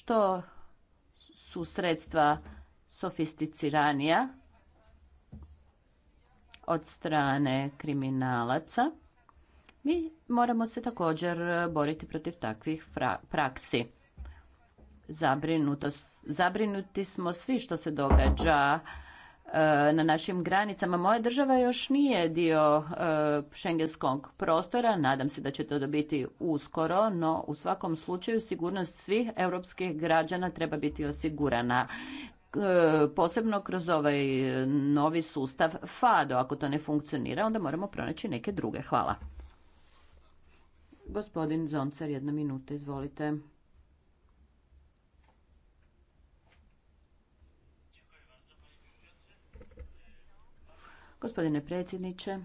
što su sredstva sofisticiranija od strane kriminalaca, mi moramo se također boriti protiv takvih praksi. Zabrinuti smo svi što se događa E, na našim granicama. Moja država još nije dio šengenskog e, prostora, nadam se da će to dobiti uskoro, no u svakom slučaju sigurnost svih europskih građana treba biti osigurana e, posebno kroz ovaj novi sustav FADO. Ako to ne funkcionira, onda moramo pronaći neke druge. Hvala. Gospodin Zoncar, jedna minuta, izvolite. Gospodine predsjedniče,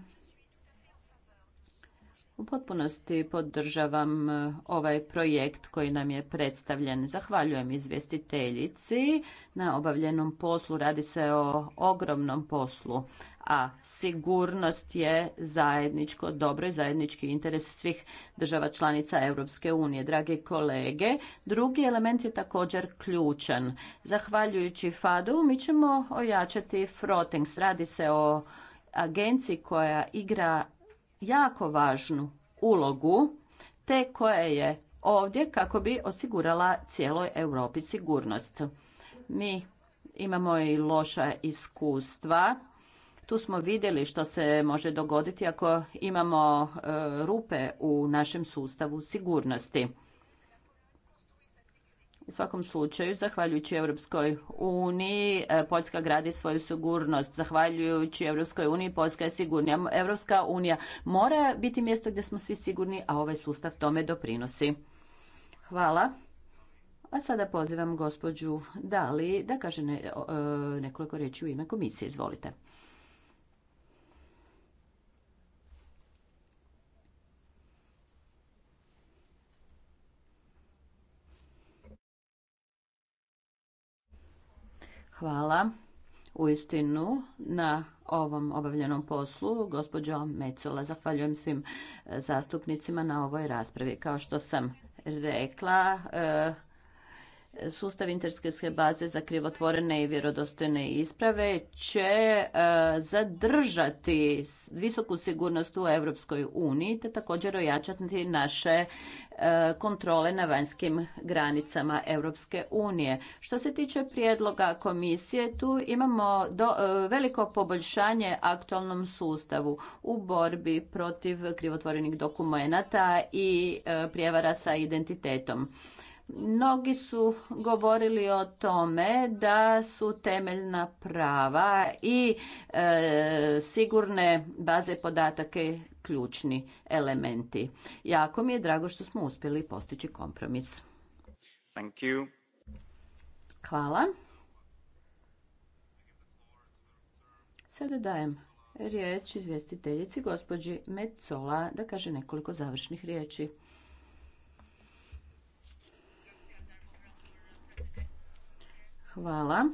u potpunosti podržavam eh, ovaj projekt koji nam je predstavljen. Zahvaljujem izvjestiteljici na obavljenom poslu. Radi se o ogromnom poslu, a sigurnost je zajedničko dobro i zajednički interes svih država članica Europske unije. Dragi kolege, drugi element je također ključan. Zahvaljujući FADU mi ćemo ojačati Frotings. Radi se o agenciji koja igra jako važnu ulogu, te koja je ovdje kako bi osigurala cijeloj Europi sigurnost. Mi imamo i loša iskustva. Tu smo vidjeli što se može dogoditi ako imamo e, rupe u našem sustavu sigurnosti. U svakom slučaju, zahvaljujući Europskoj uniji, e, Poljska gradi svoju sigurnost. Zahvaljujući Europskoj uniji, Poljska je sigurnija. Europska unija mora biti mjesto gdje smo svi sigurni, a ovaj sustav tome doprinosi. Hvala. A sada pozivam gospođu Dali da kaže e, nekoliko riječi u ime komisije. Izvolite. Hvala uistinu na ovom obavljenom poslu. Gospođo Mecola, zahvaljujem svim e, zastupnicima na ovoj raspravi. Kao što sam rekla, e, Sustav interske baze za krivotvorene i vjerodostojne isprave će e, zadržati visoku sigurnost u Europskoj uniji te također ojačati naše e, kontrole na vanjskim granicama Europske unije. Što se tiče prijedloga komisije, tu imamo e, veliko poboljšanje aktualnom sustavu u borbi protiv krivotvorenih dokumenata i prijevara sa identitetom. Mnogi su govorili o tome da su temeljna prava i e, sigurne baze podataka ključni elementi. Jako mi je drago što smo uspjeli postići kompromis. Thank you. Hvala. Sada dajem riječ izvjestiteljici gospođi Metzola da kaže nekoliko završnih riječi. Hvala.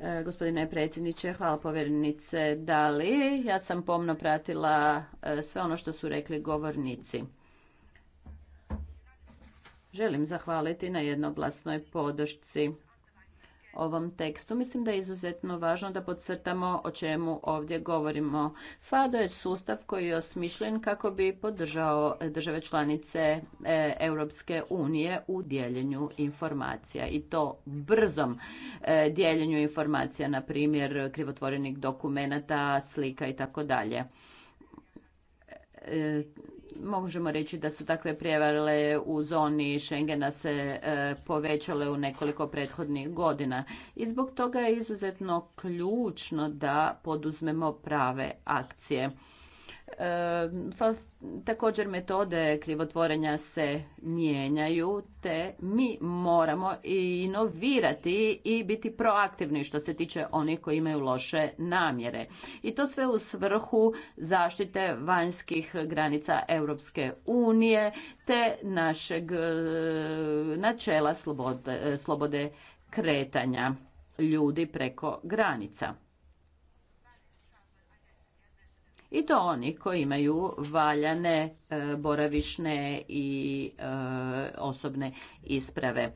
E, gospodine predsjedniče, hvala povjerenice Dali. Ja sam pomno pratila e, sve ono što su rekli govornici. Želim zahvaliti na jednoglasnoj podršci ovom tekstu. Mislim da je izuzetno važno da podcrtamo o čemu ovdje govorimo. FADO je sustav koji je osmišljen kako bi podržao države članice e, Europske unije u dijeljenju informacija i to brzom e, dijeljenju informacija, na primjer krivotvorenih dokumenata, slika i tako dalje e, možemo reći da su takve prijevare u zoni Schengena se e, povećale u nekoliko prethodnih godina. I zbog toga je izuzetno ključno da poduzmemo prave akcije. Također metode krivotvorenja se mijenjaju, te mi moramo inovirati i biti proaktivni što se tiče onih koji imaju loše namjere. I to sve u svrhu zaštite vanjskih granica Europske unije te našeg eh, načela slobode, slobode kretanja ljudi preko granica i to oni koji imaju valjane e, boravišne i e, osobne isprave.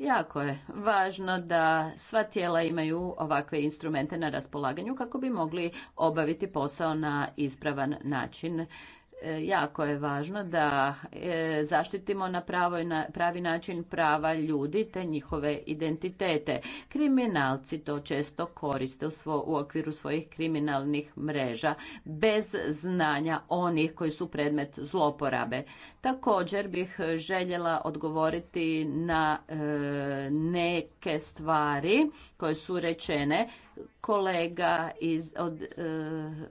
Jako je važno da sva tijela imaju ovakve instrumente na raspolaganju kako bi mogli obaviti posao na ispravan način E, jako je važno da e, zaštitimo na pravi način prava ljudi te njihove identitete. Kriminalci to često koriste u, okviru svojih kriminalnih mreža bez znanja onih koji su predmet zloporabe. Također bih željela odgovoriti na e, neke stvari koje su rečene kolega iz, od, e,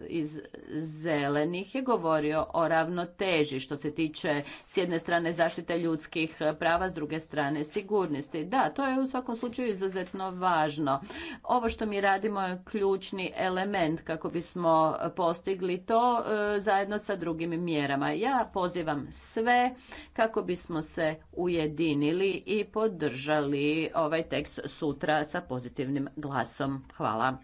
iz Zelenih je govorio o ravnoteži što se tiče s jedne strane zaštite ljudskih prava, s druge strane sigurnosti. Da, to je u svakom slučaju izuzetno važno. Ovo što mi radimo je ključni element kako bismo postigli to e, zajedno sa drugim mjerama. Ja pozivam sve kako bismo se ujedinili i podržali ovaj tekst sutra sa pozitivnim glasom. Hvala. Hvala.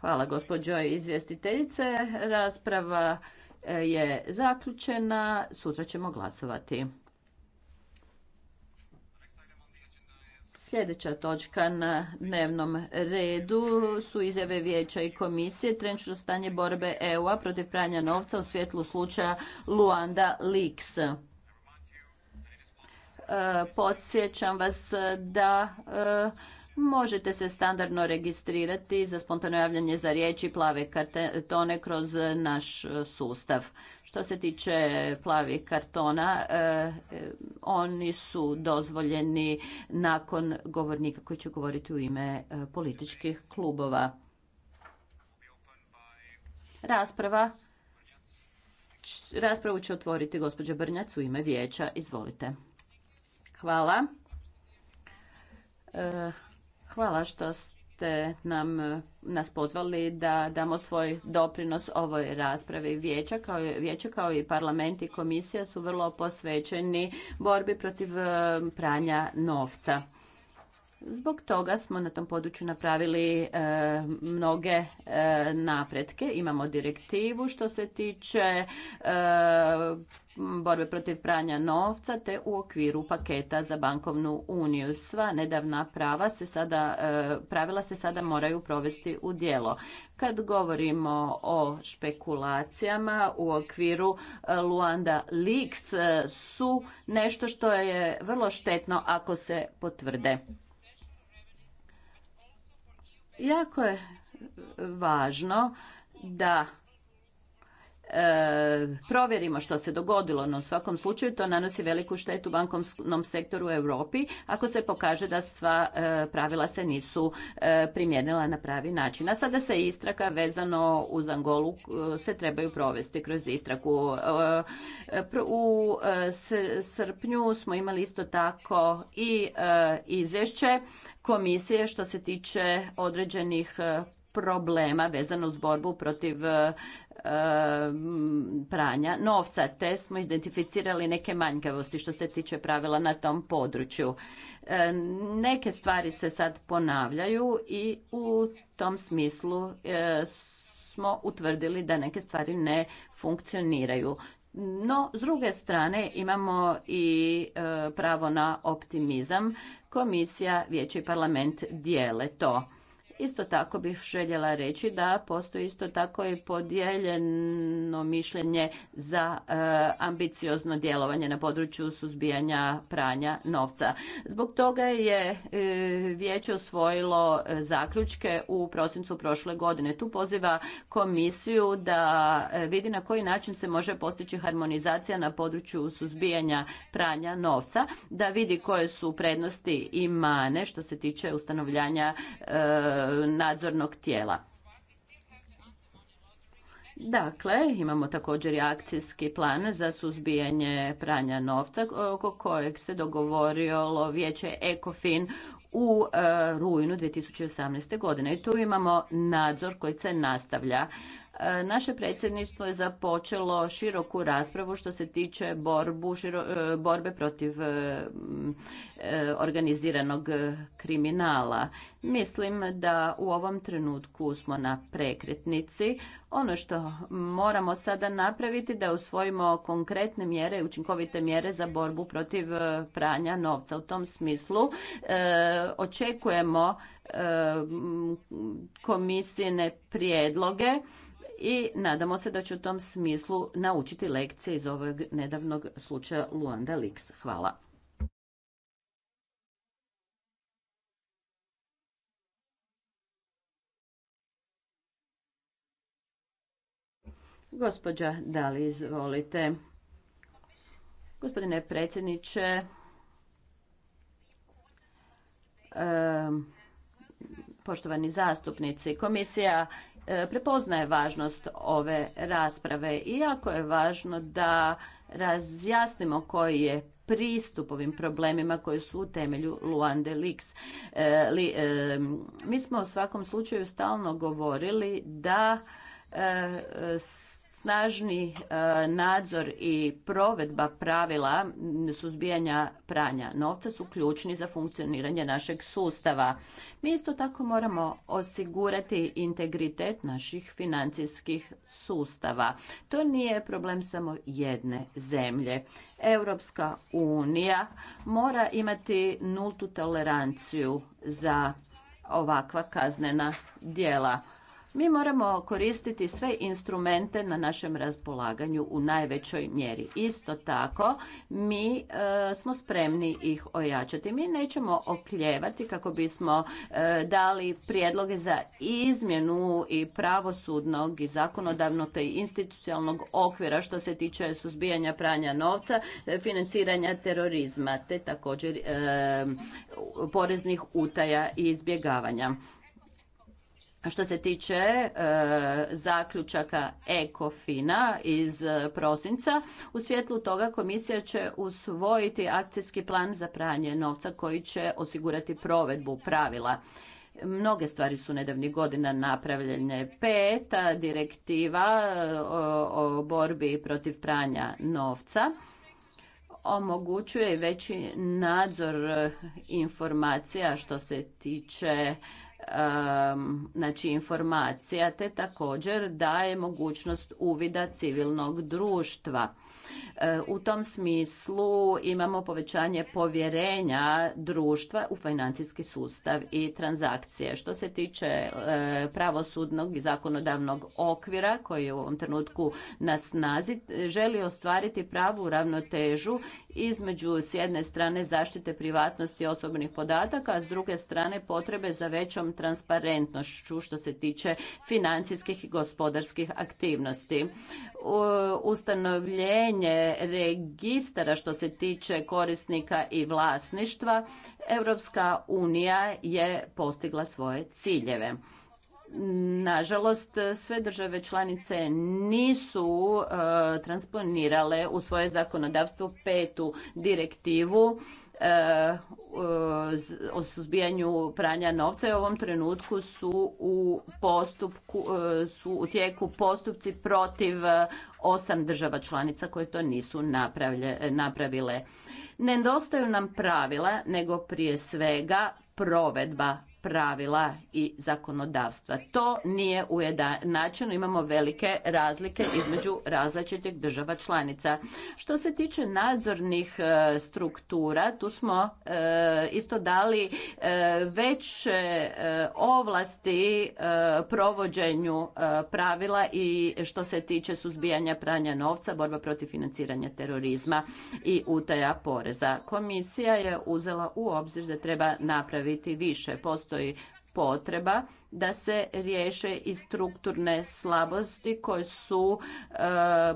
Hvala gospođo izvjestiteljice. Rasprava e, je zaključena. Sutra ćemo glasovati. Sljedeća točka na dnevnom redu su izjave vijeća i komisije Trenčno stanje borbe EU-a protiv pranja novca u svjetlu slučaja Luanda Leaks. E, podsjećam vas da e, Možete se standardno registrirati za spontano javljanje za riječi plave kartone kroz naš e, sustav. Što se tiče plavih kartona, e, e, oni su dozvoljeni nakon govornika koji će govoriti u ime političkih klubova. Rasprava. raspravu će otvoriti gospođa Brnjac u ime vijeća. Izvolite. Hvala. Hvala što ste nam nas pozvali da damo svoj doprinos ovoj raspravi. Vijeća kao, vijeća kao i parlament i komisija su vrlo posvećeni borbi protiv eh, pranja novca. Zbog toga smo na tom području napravili e, mnoge e, napretke. Imamo direktivu što se tiče e, borbe protiv pranja novca te u okviru paketa za bankovnu uniju. Sva nedavna prava se sada, pravila se sada moraju provesti u djelo. Kad govorimo o špekulacijama u okviru Luanda Leaks su nešto što je vrlo štetno ako se potvrde. Jako je važno da e, provjerimo što se dogodilo, no u svakom slučaju to nanosi veliku štetu bankovnom sektoru u Europi ako se pokaže da sva e, pravila se nisu e, primijenila na pravi način. A sada se istraka vezano uz Angolu se trebaju provesti kroz istraku. U srpnju smo imali isto tako i izvješće komisije što se tiče određenih e, problema vezano uz borbu protiv e, pranja novca, te smo identificirali neke manjkavosti što se tiče pravila na tom području. E, neke stvari se sad ponavljaju i u tom smislu smo utvrdili da neke stvari ne funkcioniraju. No, s druge strane imamo i e, pravo na optimizam. Komisija, vijeći parlament dijele to. Isto tako bih željela reći da postoji isto tako i podijeljeno mišljenje za e, ambiciozno djelovanje na području suzbijanja pranja novca. Zbog toga je e, vijeće osvojilo e, zaključke u prosincu prošle godine. Tu poziva komisiju da vidi na koji način se može postići harmonizacija na području suzbijanja pranja novca, da vidi koje su prednosti i mane što se tiče ustanovljanja nadzornog tijela. Dakle, imamo također i akcijski plan za suzbijanje pranja novca oko kojeg se dogovorilo vijeće ECOFIN u e, rujnu 2018. godine. I tu imamo nadzor koji se nastavlja. E, naše predsjedništvo je započelo široku raspravu što se tiče borbu, e, borbe protiv e, organiziranog kriminala. Mislim da u ovom trenutku smo na prekretnici. Ono što moramo sada napraviti da usvojimo konkretne mjere, učinkovite mjere za borbu protiv pranja novca. U tom smislu očekujemo prijedloge i nadamo se da će u tom smislu naučiti lekcije iz ovog nedavnog slučaja Luanda Leaks. Hvala. Gospođa li izvolite. Gospodine predsjedniče, poštovani zastupnici, komisija E, prepoznaje važnost ove rasprave i jako je važno da razjasnimo koji je pristup ovim problemima koji su u temelju Luande Lix. E, e, mi smo u svakom slučaju stalno govorili da snažni e, nadzor i provedba pravila suzbijanja pranja novca su ključni za funkcioniranje našeg sustava. Mi isto tako moramo osigurati integritet naših financijskih sustava. To nije problem samo jedne zemlje. Europska unija mora imati nultu toleranciju za ovakva kaznena djela. Mi moramo koristiti sve instrumente na našem raspolaganju u najvećoj mjeri. Isto tako, mi e, smo spremni ih ojačati. Mi nećemo okljevati kako bismo e, dali prijedloge za izmjenu i pravosudnog i zakonodavnog te institucionalnog okvira što se tiče suzbijanja pranja novca, e, financiranja terorizma te također poreznih utaja i izbjegavanja što se tiče e, zaključaka ECOFINA iz e, prosinca, u svjetlu toga komisija će usvojiti akcijski plan za pranje novca koji će osigurati provedbu pravila. Mnoge stvari su nedavnih godina napravljene. Peta direktiva e, o, o borbi protiv pranja novca omogućuje veći nadzor informacija što se tiče znači informacija te također daje mogućnost uvida civilnog društva E, u tom smislu imamo povećanje povjerenja društva u financijski sustav i transakcije. Što se tiče e, pravosudnog i zakonodavnog okvira koji je u ovom trenutku na snazi, želi ostvariti pravu ravnotežu između s jedne strane zaštite privatnosti osobnih podataka, a s druge strane potrebe za većom transparentnošću što se tiče financijskih i gospodarskih aktivnosti. Ustanovljenje registara što se tiče korisnika i vlasništva, Europska unija je postigla svoje ciljeve. Nažalost, sve države članice nisu e, transponirale u svoje zakonodavstvo petu direktivu e, o suzbijanju pranja novca i u ovom trenutku su u, postupku, e, su u tijeku postupci protiv osam država članica koje to nisu napravile. Nedostaju nam pravila, nego prije svega provedba pravila i zakonodavstva. To nije ujednačeno, imamo velike razlike između različitih država članica. Što se tiče nadzornih e, struktura, tu smo e, isto dali e, veće ovlasti provođenju pravila i što se tiče suzbijanja pranja novca, borba protiv financiranja terorizma i utaja poreza. Komisija je uzela u obzir da treba napraviti više. postupnje postoji potreba da se riješe i strukturne slabosti koje su e,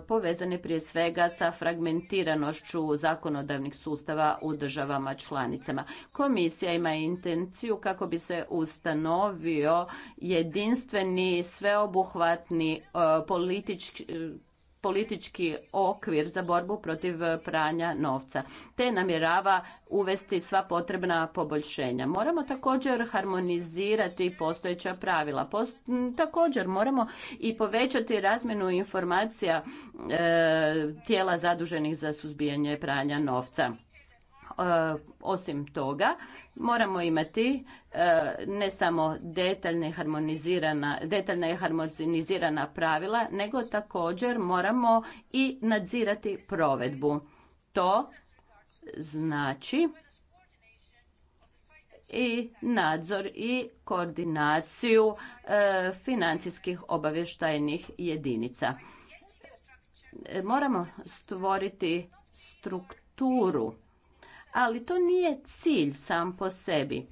povezane prije svega sa fragmentiranošću zakonodavnih sustava u državama članicama. Komisija ima intenciju kako bi se ustanovio jedinstveni sveobuhvatni e, politički politički okvir za borbu protiv eh, pranja novca, te namjerava uvesti sva potrebna poboljšenja. Moramo također harmonizirati postojeća pravila. također moramo i povećati razmjenu informacija eh, tijela zaduženih za suzbijanje pranja novca. Eh, osim toga, moramo imati eh, ne samo detaljne harmonizirana, detaljna i harmonizirana pravila, nego također moramo i nadzirati provedbu. To znači i nadzor i koordinaciju eh, financijskih obavještajnih jedinica. Moramo stvoriti strukturu ali to nije cilj sam po sebi.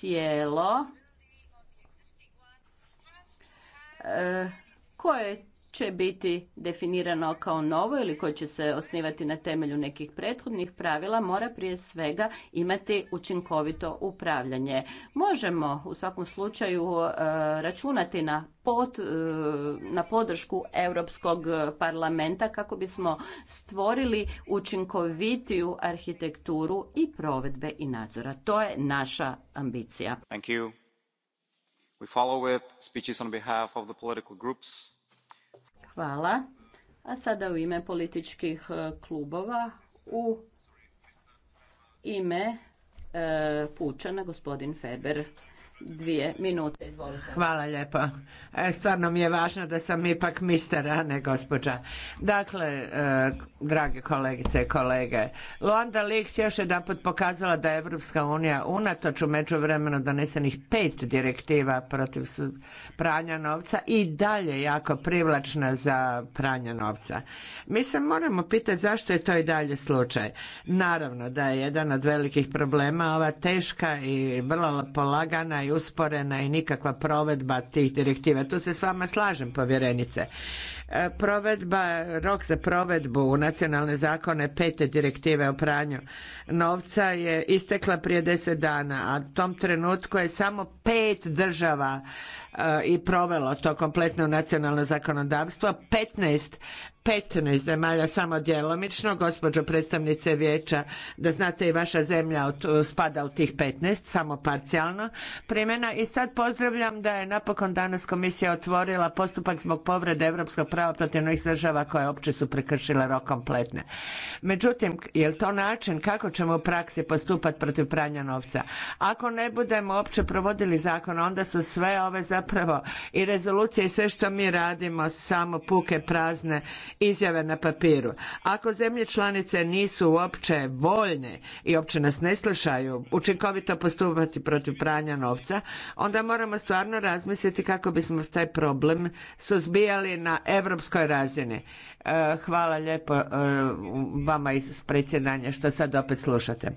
Tijelo e, koje će biti definirano kao novo ili koje će se osnivati na temelju nekih prethodnih pravila mora prije svega imati učinkovito upravljanje. Možemo u svakom slučaju e, računati na e, na podršku Europskog parlamenta kako bismo stvorili učinkovitiju arhitekturu i provedbe i nadzora. To je naša ambicija. Hvala. A sada u ime političkih e, klubova u ime e, Pučana gospodin Feber dvije minute. Izvolite. Hvala lijepo. E, stvarno mi je važno da sam ipak mister, a ne gospođa. Dakle, e, drage kolegice i kolege, Luanda Leaks još jedan put pokazala da je Evropska unija unatoč u međuvremenu donesenih pet direktiva protiv pranja novca i dalje jako privlačna za pranje novca. Mi se moramo pitati zašto je to i dalje slučaj. Naravno da je jedan od velikih problema ova teška i vrlo polagana i usporena i nikakva provedba tih direktiva. Tu se s vama slažem povjerenice. E, provedba, rok za provedbu u nacionalne zakone pete direktive o pranju novca je istekla prije deset dana, a u tom trenutku je samo pet država e, i provelo to kompletno nacionalno zakonodavstvo. 15 15 zemalja samo djelomično, gospođo predstavnice vijeća, da znate i vaša zemlja spada u tih 15, samo parcijalno primjena. I sad pozdravljam da je napokon danas komisija otvorila postupak zbog povrede europskog prava protiv država koje opće su prekršile rok kompletne. Međutim, je li to način kako ćemo u praksi postupati protiv pranja novca? Ako ne budemo opće provodili zakon, onda su sve ove zapravo i rezolucije i sve što mi radimo samo puke prazne izjave na papiru. Ako zemlje članice nisu uopće voljne i uopće nas ne slušaju učinkovito postupati protiv pranja novca, onda moramo stvarno razmisliti kako bismo taj problem suzbijali na europskoj europskoj razini. E, hvala lijepo e, vama iz predsjedanja što sad opet slušate.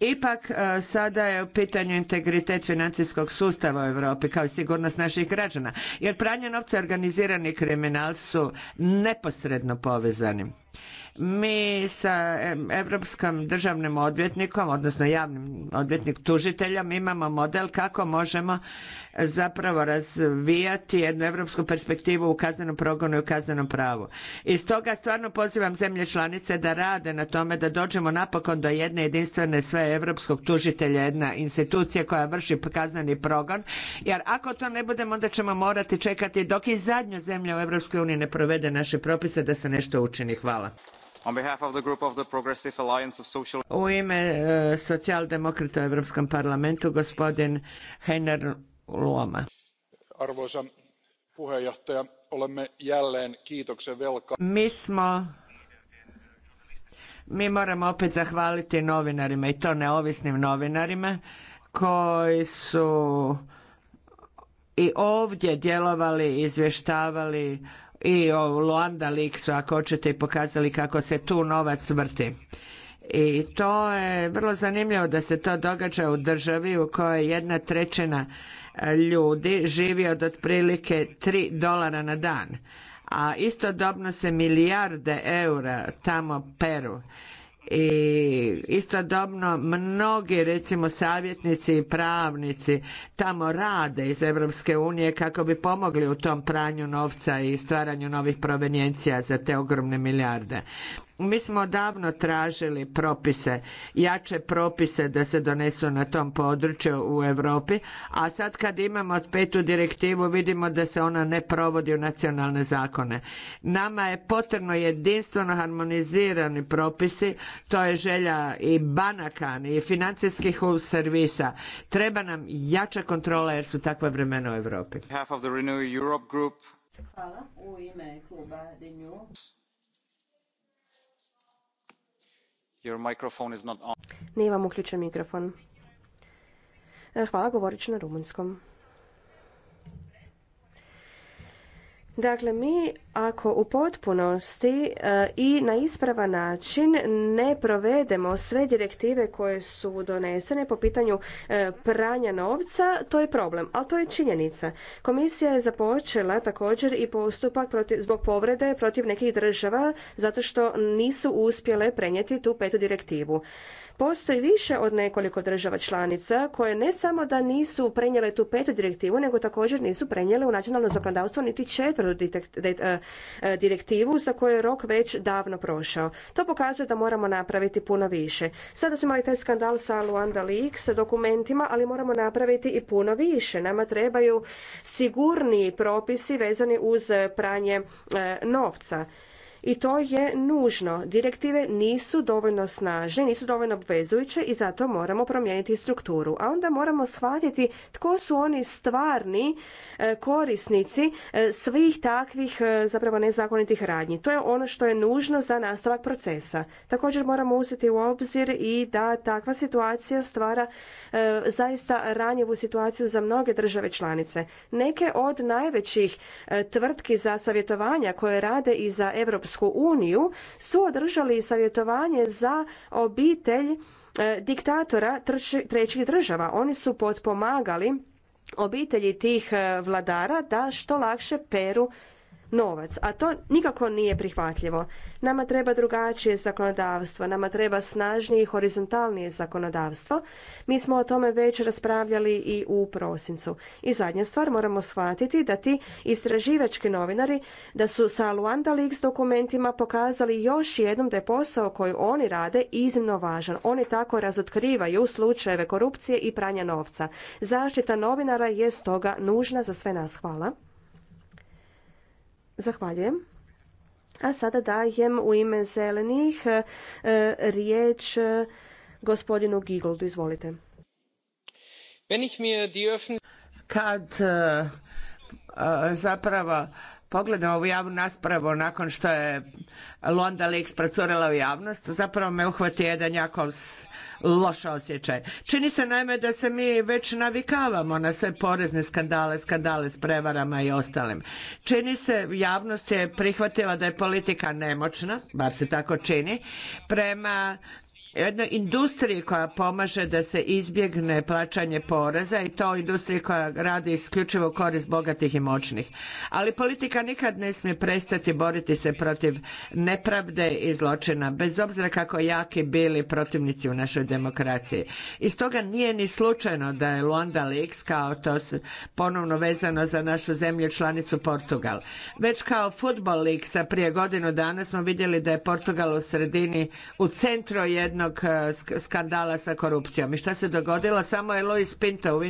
Ipak e, sada je u pitanju integritet financijskog sustava u Europi kao i sigurnost naših građana. Jer pranje novca i organizirani kriminal su neposredno povezani. Mi sa Europskom državnim odvjetnikom, odnosno javnim odvjetnik tužiteljem imamo model kako možemo zapravo razvijati jednu europsku perspektivu u kaznenom progonu i u kaznenom pravu. I stoga stvarno pozivam zemlje članice da rade na tome da dođemo napokon do jedne jedinstvene sve evropskog tužitelja, jedna institucija koja vrši kazneni progon, jer ako to ne budemo onda ćemo morati čekati dok i zadnja zemlja u EU ne provede naše propise da se nešto učini. Hvala. On behalf of the group of the Progressive Alliance of Social... U ime e, socijaldemokrata u Europskom parlamentu gospodin Heiner Luoma. Arvoisa puheenjohtaja, olemme jälleen kiitoksen velka. Mi smo mi moramo opet zahvaliti novinarima i to neovisnim novinarima koji su i ovdje djelovali, izvještavali i o Luanda Leaksu ako hoćete i pokazali kako se tu novac vrti. I to je vrlo zanimljivo da se to događa u državi u kojoj jedna trećina e, ljudi živi od otprilike 3 dolara na dan, a istodobno se milijarde eura tamo peru i istodobno mnogi recimo savjetnici i pravnici tamo rade iz Europske unije kako bi pomogli u tom pranju novca i stvaranju novih provenjencija za te ogromne milijarde. Mi smo davno tražili propise, jače propise da se donesu na tom području u Europi, a sad kad imamo petu direktivu vidimo da se ona ne provodi u nacionalne zakone. Nama je potrebno jedinstveno harmonizirani propisi, to je želja i banaka i financijskih servisa. Treba nam jača kontrola jer su takva vremena u Europi. Hvala u ime kluba Your microphone is vam uključen mikrofon. E, hvala, govorit ću na rumunjskom. Dakle, mi ako u potpunosti e, i na ispravan način ne provedemo sve direktive koje su donesene po pitanju e, pranja novca, to je problem, ali to je činjenica. Komisija je započela također i postupak zbog povrede protiv nekih država zato što nisu uspjele prenijeti tu petu direktivu. Postoji više od nekoliko država članica koje ne samo da nisu prenijele tu petu direktivu, nego također nisu prenijele u nacionalno zakonodavstvo niti četvrtu e, e, direktivu za koju je rok već davno prošao. To pokazuje da moramo napraviti puno više. Sada smo imali taj skandal sa Luanda Leaks, sa dokumentima, ali moramo napraviti i puno više. Nama trebaju sigurniji propisi vezani uz pranje e, novca i to je nužno. Direktive nisu dovoljno snažne, nisu dovoljno obvezujuće i zato moramo promijeniti strukturu. A onda moramo shvatiti tko su oni stvarni e, korisnici e, svih takvih e, zapravo nezakonitih radnji. To je ono što je nužno za nastavak procesa. Također moramo uzeti u obzir i da takva situacija stvara zaista ranjivu situaciju za mnoge države članice. Neke od najvećih tvrtki za savjetovanja koje rade i za Europsku Europsku uniju su održali savjetovanje za obitelj e, diktatora trećih država. Oni su potpomagali obitelji tih e, vladara da što lakše peru novac, a to nikako nije prihvatljivo. Nama treba drugačije zakonodavstvo, nama treba snažnije i horizontalnije zakonodavstvo. Mi smo o tome već raspravljali i u prosincu. I zadnja stvar, moramo shvatiti da ti istraživački novinari, da su sa Luanda Leaks dokumentima pokazali još jednom da je posao koji oni rade iznimno važan. Oni tako razotkrivaju slučajeve korupcije i pranja novca. Zaštita novinara je stoga nužna za sve nas. Hvala. Zahvaljujem. A sada dajem u ime zelenih e, riječ e, gospodinu Gigoldu. Izvolite. Kad e, zapravo pogledam ovu javnu raspravu nakon što je Londa Leaks procurila u javnost, zapravo me uhvati jedan jako loš osjećaj. Čini se naime da se mi već navikavamo na sve porezne skandale, skandale s prevarama i ostalim. Čini se, javnost je prihvatila da je politika nemoćna, bar se tako čini, prema jednoj industriji koja pomaže da se izbjegne plaćanje poreza i to industriji koja radi isključivo korist bogatih i moćnih. Ali politika nikad ne smije prestati boriti se protiv nepravde i zločina, bez obzira kako jaki bili protivnici u našoj demokraciji. I stoga nije ni slučajno da je Luanda Leaks kao to ponovno vezano za našu zemlju članicu Portugal. Već kao Football Leaksa prije godinu dana smo vidjeli da je Portugal u sredini, u centru jedno E, skandala sa korupcijom. I šta se dogodilo? Samo je Luis Pinto,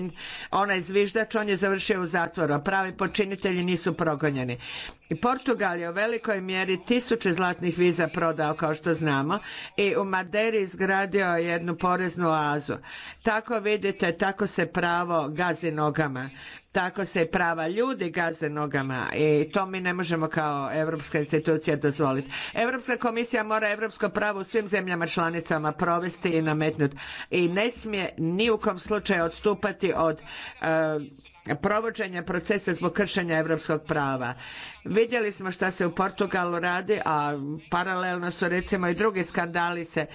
onaj zviždač, on je završio u zatvoru, a pravi počinitelji nisu progonjeni. I Portugal je u velikoj mjeri tisuće zlatnih viza prodao, kao što znamo, i u Maderi izgradio jednu poreznu oazu. Tako vidite, tako se pravo gazi nogama tako se prava ljudi gaze nogama i to mi ne možemo kao europska institucija dozvoliti. Europska komisija mora europsko pravo u svim zemljama članicama provesti i nametnuti i ne smije ni u kom slučaju odstupati od eh, provođenja procesa zbog kršenja europskog prava. Vidjeli smo šta se u Portugalu radi, a paralelno su recimo i drugi skandali se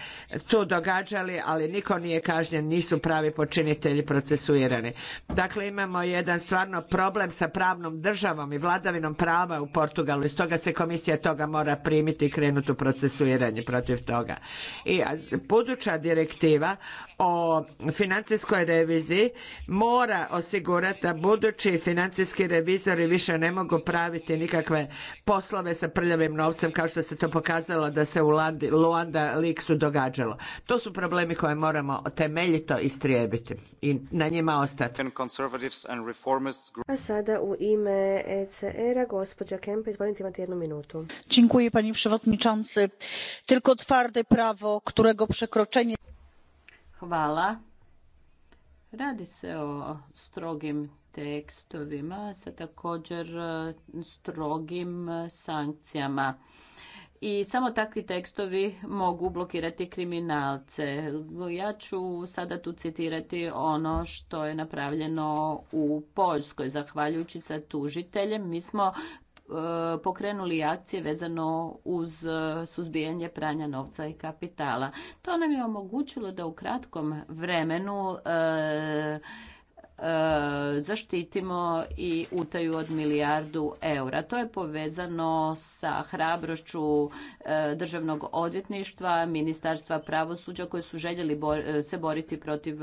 tu događali, ali niko nije kažnjen, nisu pravi počinitelji procesuirani. Dakle, imamo jedan stvarno problem sa pravnom državom i vladavinom prava u Portugalu i stoga se komisija toga mora primiti i krenuti u procesuiranje protiv toga. I buduća direktiva o financijskoj reviziji mora osigurati da budući financijski revizori više ne mogu praviti nikakve nekakve poslove sa prljavim novcem kao što se to pokazalo da se u Luanda Liksu događalo. To su problemi koje moramo temeljito istrijebiti i na njima ostati. A sada u ime ECR-a gospođa Kempe, izvolite imati jednu minutu. Dziękuję panie przewodniczący. Tylko twarde prawo, którego przekroczenie... Hvala. Radi se o strogim tekstovima sa također e, strogim e, sankcijama. I samo takvi tekstovi mogu blokirati kriminalce. Ja ću sada tu citirati ono što je napravljeno u Poljskoj. Zahvaljujući sa tužiteljem, mi smo e, pokrenuli akcije vezano uz suzbijanje pranja novca i kapitala. To nam je omogućilo da u kratkom vremenu E, zaštitimo i utaju od milijardu eura. To je povezano sa hrabrošću e, državnog odvjetništva, ministarstva pravosuđa koji su željeli e, se boriti protiv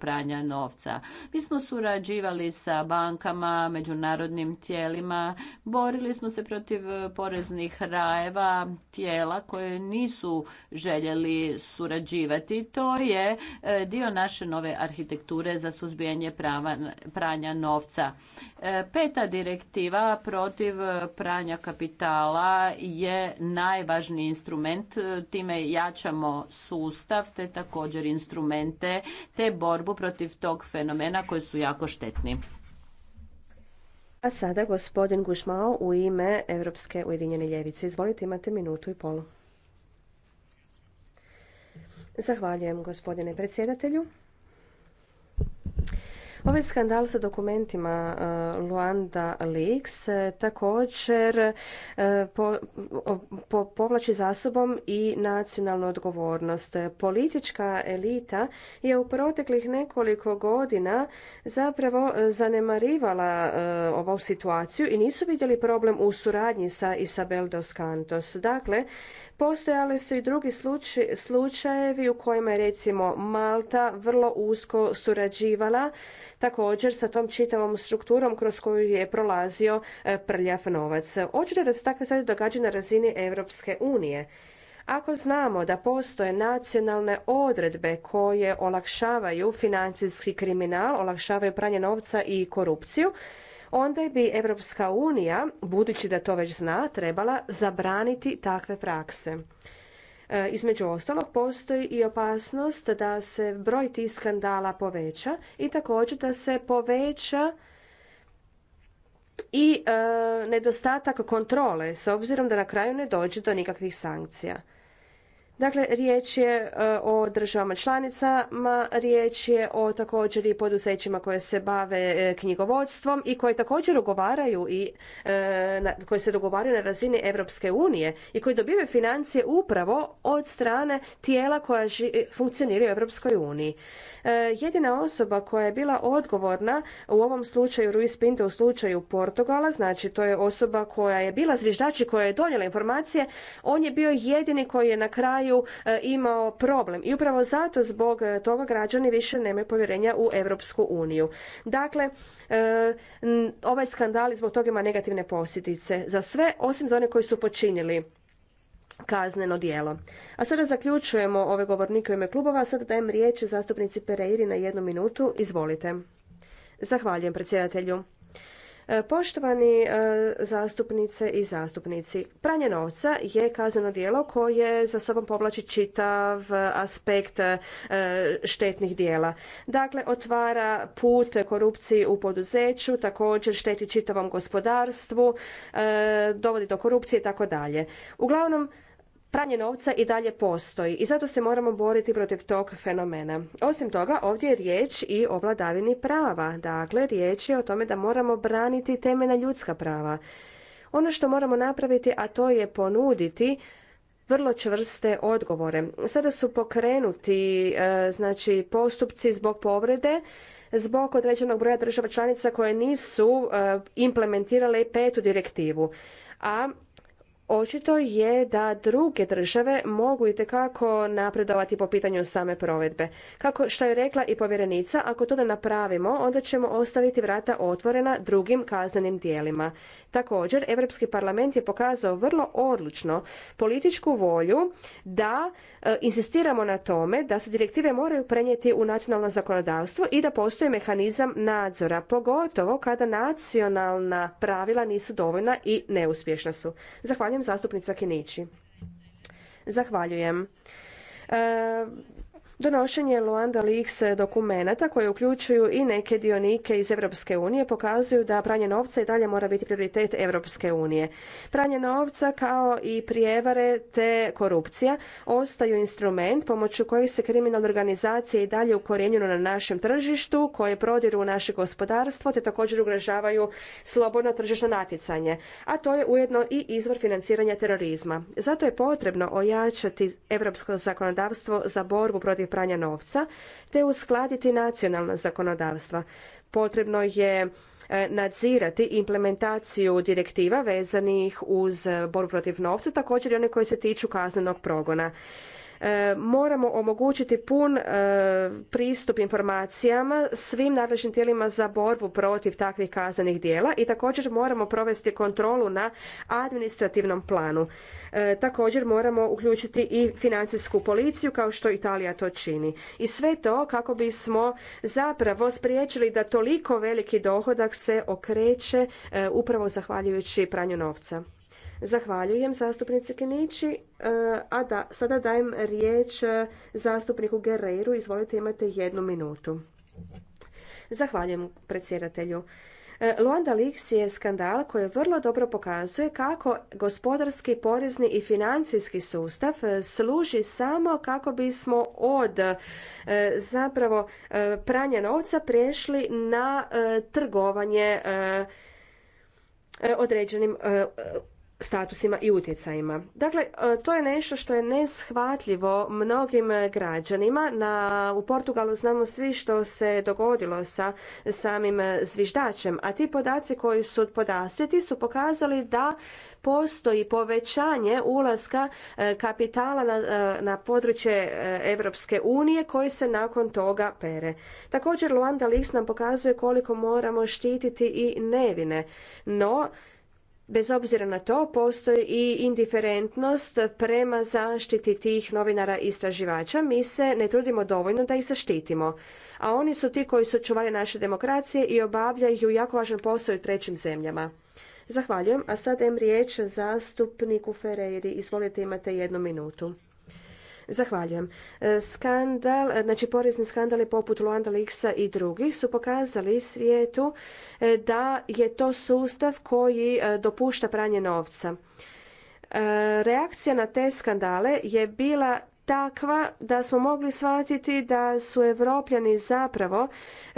pranja novca. Mi smo surađivali sa bankama, međunarodnim tijelima, borili smo se protiv poreznih rajeva, tijela koje nisu željeli surađivati. To je dio naše nove arhitekture za suzbijanje pranja novca. E, peta direktiva protiv pranja kapitala je najvažniji instrument, time jačamo sustav te također instrumente te borbu protiv tog fenomena koji su jako štetni. A sada gospodin Gušmao u ime Europske ujedinjene ljevice. Izvolite, imate minutu i polu. Zahvaljujem gospodine predsjedatelju. Ovaj skandal sa dokumentima eh, Luanda Leaks eh, također eh, povlači za sobom i nacionalnu odgovornost. Politička elita je u proteklih nekoliko godina zapravo zanemarivala ovu situaciju i nisu vidjeli problem u suradnji sa Isabel dos Cantos. Dakle, postojali su i drugi slučajevi u kojima je recimo Malta vrlo usko surađivala također sa tom čitavom strukturom kroz koju je prolazio e, prljav novac. Očito da se takve stvari događaju na razini Europske unije. Ako znamo da postoje nacionalne odredbe koje olakšavaju financijski kriminal, olakšavaju pranje novca i korupciju, onda bi Europska unija, budući da to već zna, trebala zabraniti takve prakse. E, između ostalog, postoji i opasnost da se broj tih skandala poveća i također da se poveća i e, nedostatak kontrole s obzirom da na kraju ne dođe do nikakvih sankcija. Dakle, riječ je e, o državama članicama, riječ je o također i poduzećima koje se bave e, knjigovodstvom i koje također ugovaraju i e, koje se dogovaraju na razini Europske unije i koji dobivaju financije upravo od strane tijela koja funkcioniraju u Europskoj uniji. Jedina osoba koja je bila odgovorna u ovom slučaju Ruiz Pinto u slučaju Portugala, znači to je osoba koja je bila zviždači koja je donijela informacije, on je bio jedini koji je na kraju razvoju e, imao problem i upravo zato zbog e, toga građani više nemaju povjerenja u Europsku uniju. Dakle, e, ovaj skandal zbog toga ima negativne posljedice za sve osim za one koji su počinili kazneno djelo. A sada zaključujemo ove govornike u ime klubova. Sada dajem riječ zastupnici Pereiri na jednu minutu. Izvolite. Zahvaljujem predsjedatelju. Poštovani e, zastupnice i zastupnici, pranje novca je kazano djelo koje za sobom povlači čitav aspekt e, štetnih djela. Dakle, otvara put korupciji u poduzeću, također šteti čitavom gospodarstvu, e, dovodi do korupcije i tako dalje. Uglavnom, pranje novca i dalje postoji i zato se moramo boriti protiv tog fenomena. Osim toga, ovdje je riječ i o vladavini prava. Dakle, riječ je o tome da moramo braniti temeljna ljudska prava. Ono što moramo napraviti, a to je ponuditi vrlo čvrste odgovore. Sada su pokrenuti e, znači postupci zbog povrede zbog određenog broja država članica koje nisu e, implementirale petu direktivu. A Očito je da druge države mogu i tekako napredovati po pitanju same provedbe. Kako što je rekla i povjerenica, ako to ne napravimo, onda ćemo ostaviti vrata otvorena drugim kaznenim dijelima. Također, Europski parlament je pokazao vrlo odlučno političku volju da inzistiramo e, insistiramo na tome da se direktive moraju prenijeti u nacionalno zakonodavstvo i da postoji mehanizam nadzora, pogotovo kada nacionalna pravila nisu dovoljna i neuspješna su. Zahvaljujem zastupnica Kenići. Zahvaljujem. E, Donošenje Luanda Leaks dokumenata koje uključuju i neke dionike iz Europske unije pokazuju da pranje novca i dalje mora biti prioritet Europske unije. Pranje novca kao i prijevare te korupcija ostaju instrument pomoću kojih se kriminalne organizacije i dalje ukorjenjuju na našem tržištu koje prodiru u naše gospodarstvo te također ugrožavaju slobodno tržišno natjecanje, a to je ujedno i izvor financiranja terorizma. Zato je potrebno ojačati europsko zakonodavstvo za borbu protiv pranja novca, te uskladiti nacionalna zakonodavstva. Potrebno je e, nadzirati implementaciju direktiva vezanih uz borbu protiv novca, također i one koje se tiču kaznenog progona. E, moramo omogućiti pun e, pristup informacijama svim nadležnim tijelima za borbu protiv takvih kaznenih djela i također moramo provesti kontrolu na administrativnom planu. E, također moramo uključiti i financijsku policiju kao što Italija to čini. I sve to kako bismo zapravo spriječili da toliko veliki dohodak se okreće upravo zahvaljujući pranju novca. Zahvaljujem zastupnici Kinići. E, a da, sada dajem riječ zastupniku Guerreiru. Izvolite, imate jednu minutu. Zahvaljujem predsjedatelju. E, Luanda Leaks je skandal koji vrlo dobro pokazuje kako gospodarski, porezni i financijski sustav e, služi samo kako bismo od zapravo pranja novca prešli na trgovanje određenim statusima i utjecajima. Dakle, e, to je nešto što je neshvatljivo mnogim građanima. Na, u Portugalu znamo svi što se dogodilo sa samim zviždačem, a ti podaci koji su podastriti su pokazali da postoji povećanje ulaska e, kapitala na, e, područje Europske unije koji se nakon toga pere. Također, Luanda Leaks nam pokazuje koliko moramo štititi i nevine, no Bez obzira na to, postoji i indiferentnost prema zaštiti tih novinara istraživača. Mi se ne trudimo dovoljno da ih zaštitimo. A oni su ti koji su čuvari naše demokracije i obavljaju jako važan posao u trećim zemljama. Zahvaljujem. A sad im riječ zastupniku Ferreiri. Izvolite, imate jednu minutu. Zahvaljujem. E, skandal, e, znači porezni skandali poput Luanda Lixa i drugih su pokazali svijetu e, da je to sustav koji dopušta pranje novca. Reakcija na te skandale je bila takva da smo mogli shvatiti da su Evropljani zapravo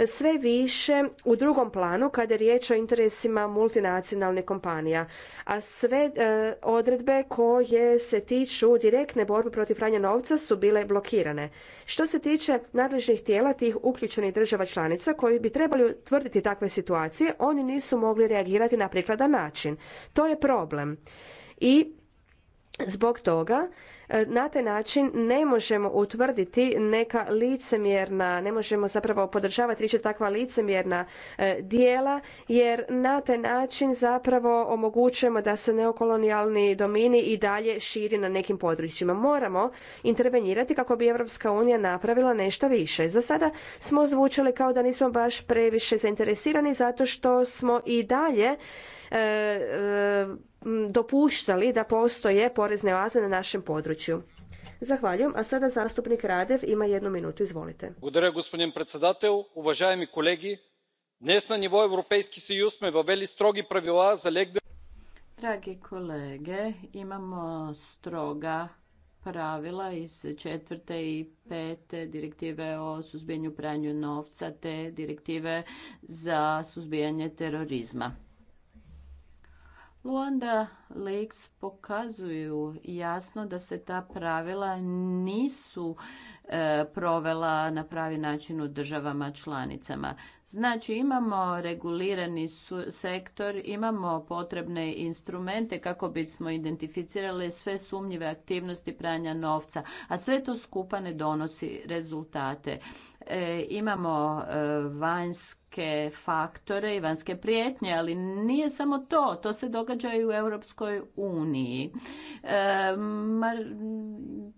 sve više u drugom planu kada je riječ o interesima multinacionalnih kompanija. A sve e, odredbe koje se tiču direktne borbe protiv pranja novca su bile blokirane. Što se tiče nadležnih tijela tih uključenih država članica koji bi trebali utvrditi takve situacije, oni nisu mogli reagirati na prikladan način. To je problem. I zbog toga E, na taj način ne možemo utvrditi neka licemjerna, ne možemo zapravo podržavati više takva licemjerna e, dijela jer na taj način zapravo omogućujemo da se neokolonijalni domini i dalje širi na nekim područjima. Moramo intervenirati kako bi Europska unija napravila nešto više. Za sada smo zvučali kao da nismo baš previše zainteresirani zato što smo i dalje e, dopuštali da postoje porezne oaze na našem području. Zahvaljujem, a sada zastupnik Radev ima jednu minutu, izvolite. Благодаря, господин председател. Уважаеми колеги, днес на ниво Европейски съюз сме въвели строги правила за Dragi kolege, imamo stroga pravila iz četvrte i pete direktive o suzbijanju pranju novca te direktive za suzbijanje terorizma. Luanda Lakes pokazuju jasno da se ta pravila nisu e, provela na pravi način u državama članicama. Znači imamo regulirani sektor, imamo potrebne instrumente kako bismo identificirali sve sumnjive aktivnosti pranja novca, a sve to skupa ne donosi rezultate. E, imamo e, vanjske faktore i vanjske prijetnje, ali nije samo to. To se događa i u Europskoj uniji. E,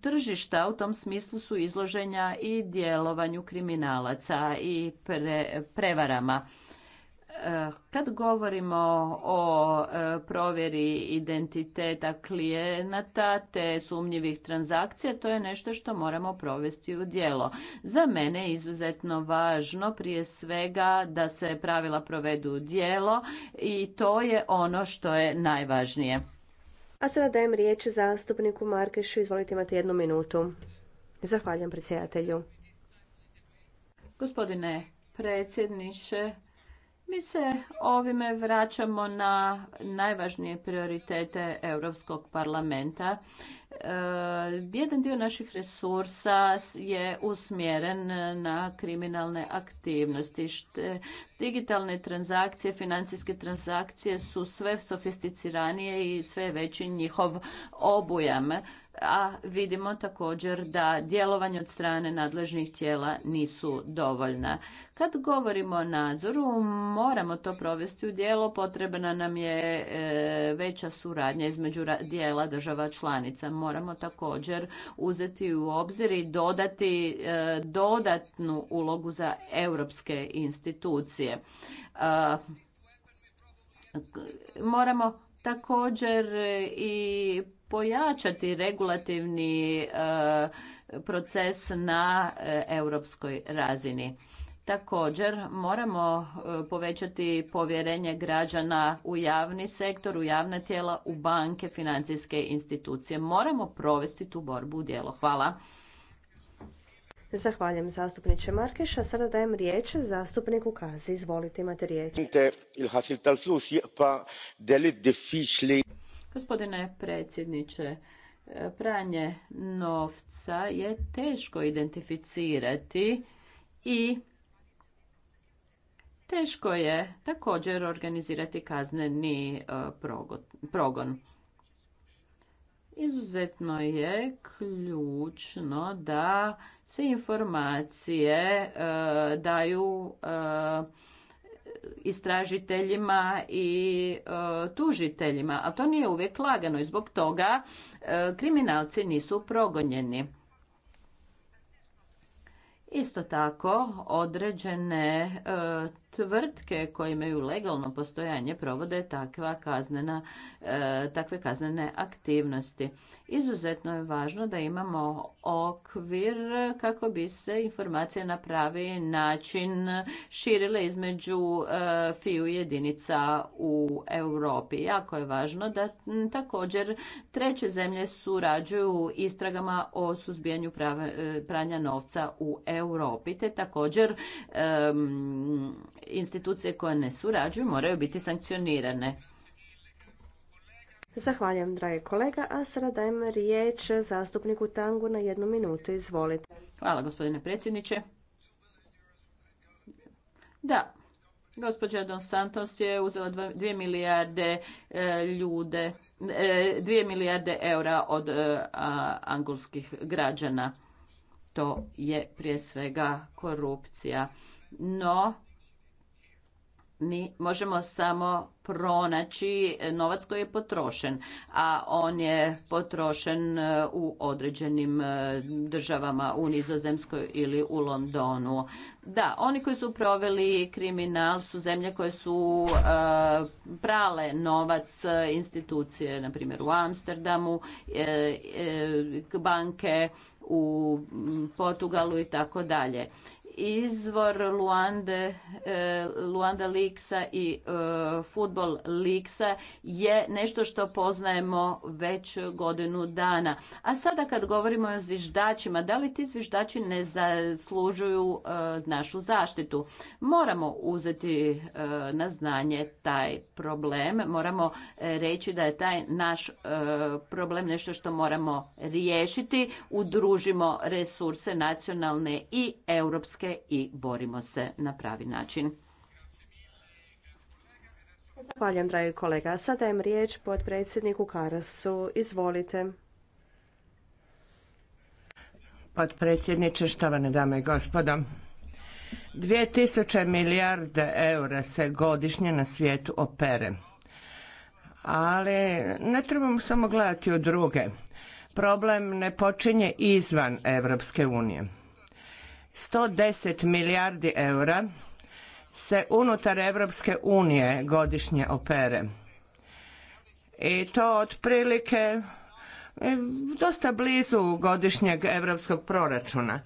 tržišta u tom smislu su izloženja i djelovanju kriminalaca i prevarama. Kad govorimo o e, provjeri identiteta klijenata te sumnjivih transakcija, to je nešto što moramo provesti u djelo. Za mene je izuzetno važno prije svega da se pravila provedu u djelo i to je ono što je najvažnije. A sada dajem riječ zastupniku Markešu. Izvolite, imate jednu minutu. Zahvaljam predsjedatelju. Gospodine predsjedniče, mi se ovime vraćamo na najvažnije prioritete Europskog parlamenta E, jedan dio naših resursa je usmjeren na kriminalne aktivnosti. Digitalne transakcije, financijske transakcije su sve sofisticiranije i sve veći njihov obujam. A vidimo također da djelovanje od strane nadležnih tijela nisu dovoljna. Kad govorimo o nadzoru, moramo to provesti u dijelo. Potrebna nam je e, veća suradnja između dijela država članica moramo također uzeti u obzir i dodati e, dodatnu ulogu za europske institucije. E, moramo također i pojačati regulativni e, proces na europskoj razini. Također moramo e, povećati povjerenje građana u javni sektor, u javna tijela, u banke, financijske institucije. Moramo provesti tu borbu u djelo. Hvala. Zahvaljujem zastupniče Markeša. sada dajem riječ zastupniku Kazi. Izvolite, imate riječ. Pa Gospodine predsjedniče, e, pranje novca je teško identificirati i teško je također organizirati kazneni e, progon. Izuzetno je ključno da se informacije e, daju e, istražiteljima i tužiteljima, a to nije uvijek lagano i zbog toga kriminalci nisu progonjeni. Isto tako određene tvrtke koje imaju legalno postojanje provode kaznena, e, takve kaznene aktivnosti. Izuzetno je važno da imamo okvir kako bi se informacije na pravi način širile između e, FIU jedinica u Europi. Jako je važno da također treće zemlje surađuju istragama o suzbijanju e, pranja novca u Europi, te također institucije koje ne surađuju moraju biti sankcionirane. Zahvaljujem, dragi kolega, a sada dajem riječ zastupniku Tangu na jednu minutu. Izvolite. Hvala, gospodine predsjedniče. Da, gospođa Don Santos je uzela 2 milijarde e, ljude, 2 e, milijarde eura od e, angulskih građana. To je prije svega korupcija. No, mi možemo samo pronaći novac koji je potrošen, a on je potrošen uh, u određenim uh, državama, u Nizozemskoj ili u Londonu. Da, oni koji su proveli kriminal su zemlje koje su uh, prale novac institucije, na primjer u Amsterdamu, banke u mm, Portugalu i tako dalje izvor Luande, e, Luanda Liksa i e, Futbol Liksa je nešto što poznajemo već godinu dana. A sada kad govorimo o zviždačima, da li ti zviždači ne zaslužuju e, našu zaštitu? Moramo uzeti na znanje taj problem, moramo reći da je taj naš problem nešto što moramo riješiti, udružimo resurse nacionalne i europske Hrvatske i borimo se na pravi način. Zahvaljujem, dragi kolega. Sad dajem riječ predsjedniku Karasu. Izvolite. Potpredsjedniče, štovane dame i gospodo. 2000 milijarde eura se godišnje na svijetu opere. Ali ne trebamo samo gledati u druge. Problem ne počinje izvan Europske unije. 110 milijardi eura se unutar Europske unije godišnje opere. I to otprilike e, dosta blizu godišnjeg europskog proračuna.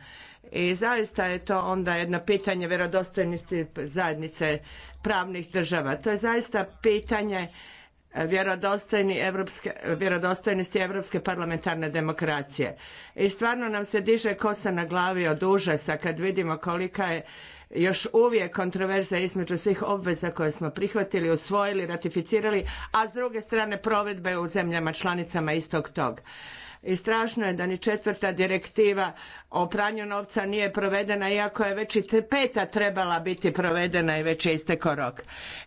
I zaista je to onda jedno pitanje vjerodostojnosti zajednice pravnih država. To je zaista pitanje evropske, vjerodostojnosti europske parlamentarne demokracije. I stvarno nam se diže kosa na glavi od užasa kad vidimo kolika je još uvijek kontroverza između svih obveza koje smo prihvatili, usvojili, ratificirali, a s druge strane provedbe u zemljama članicama istog tog. I strašno je da ni četvrta direktiva o pranju novca nije provedena iako je već i peta trebala biti provedena i već je istekao rok.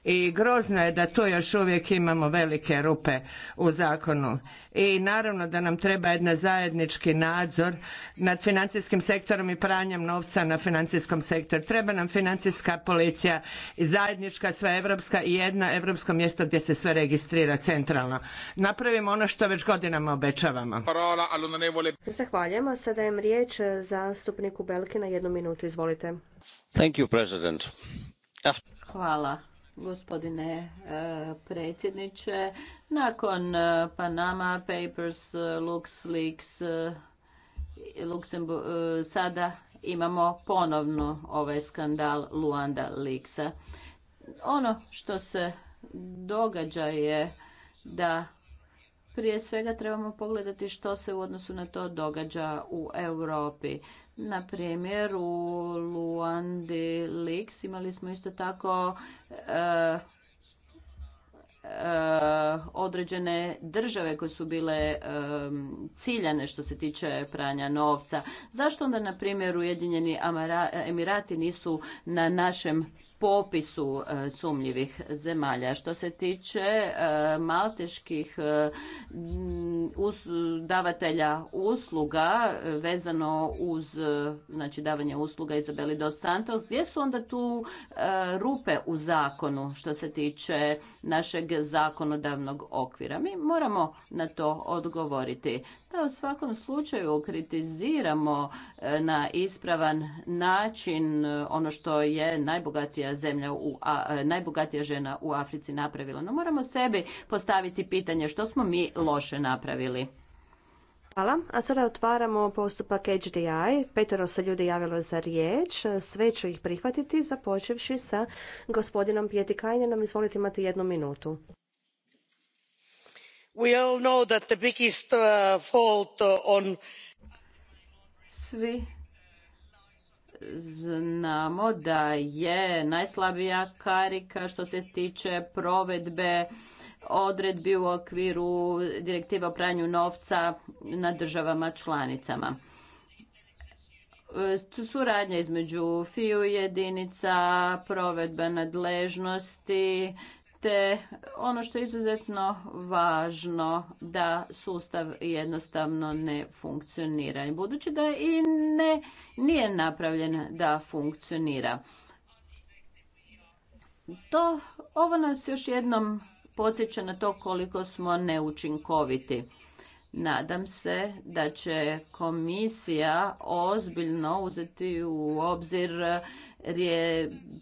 I grozno je da tu još uvijek imamo velike rupe u zakonu. I naravno da nam treba jedan zajednički nadzor nad financijskim sektorom i pranjem novca na financijskom sektoru. Treba nam financijska policija i zajednička sva europska i jedno europsko mjesto gdje se sve registrira centralno. Napravimo ono što već godinama obećavamo parola all'onorevole... Zahvaljujem, a sada dajem riječ zastupniku Belki na jednu minutu, izvolite. Thank you, President. Hvala, gospodine e, predsjedniče. Nakon e, Panama Papers, e, LuxLeaks, Luxemburg, sada imamo ponovno ovaj skandal Luanda Leaksa. Ono što se događa je da prije svega trebamo pogledati što se u odnosu na to događa u Europi. Na primjer, u Luandi Leaks imali smo isto tako eh, eh, određene države koje su bile ciljane što se tiče pranja novca. Zašto onda, na primjer, Ujedinjeni Emirati nisu na našem popisu e, sumnjivih zemalja. Što se tiče e, malteških e, davatelja usluga vezano uz znači davanje usluga Izabeli dos Santos, gdje su onda tu rupe u zakonu što se tiče našeg zakonodavnog okvira? Mi moramo na to odgovoriti da pa u svakom slučaju kritiziramo e, na ispravan način e, ono što je najbogatija zemlja u a, e, najbogatija žena u Africi napravila. No moramo sebi postaviti pitanje što smo mi loše napravili. Hvala. A sada otvaramo postupak HDI. Petero se ljudi javilo za riječ. Sve ću ih prihvatiti, započevši sa gospodinom Pjeti Kajnenom. Izvolite imati jednu minutu. We all know that the biggest uh, fault uh, on... Svi znamo da je najslabija karika što se tiče provedbe odredbi u okviru direktiva o pranju novca na državama članicama. E, suradnja između FIU jedinica, provedba nadležnosti, te ono što je izuzetno važno da sustav jednostavno ne funkcionira. Budući da i ne, nije napravljen da funkcionira. To, ovo nas još jednom podsjeća na to koliko smo neučinkoviti. Nadam se da će komisija ozbiljno uzeti u obzir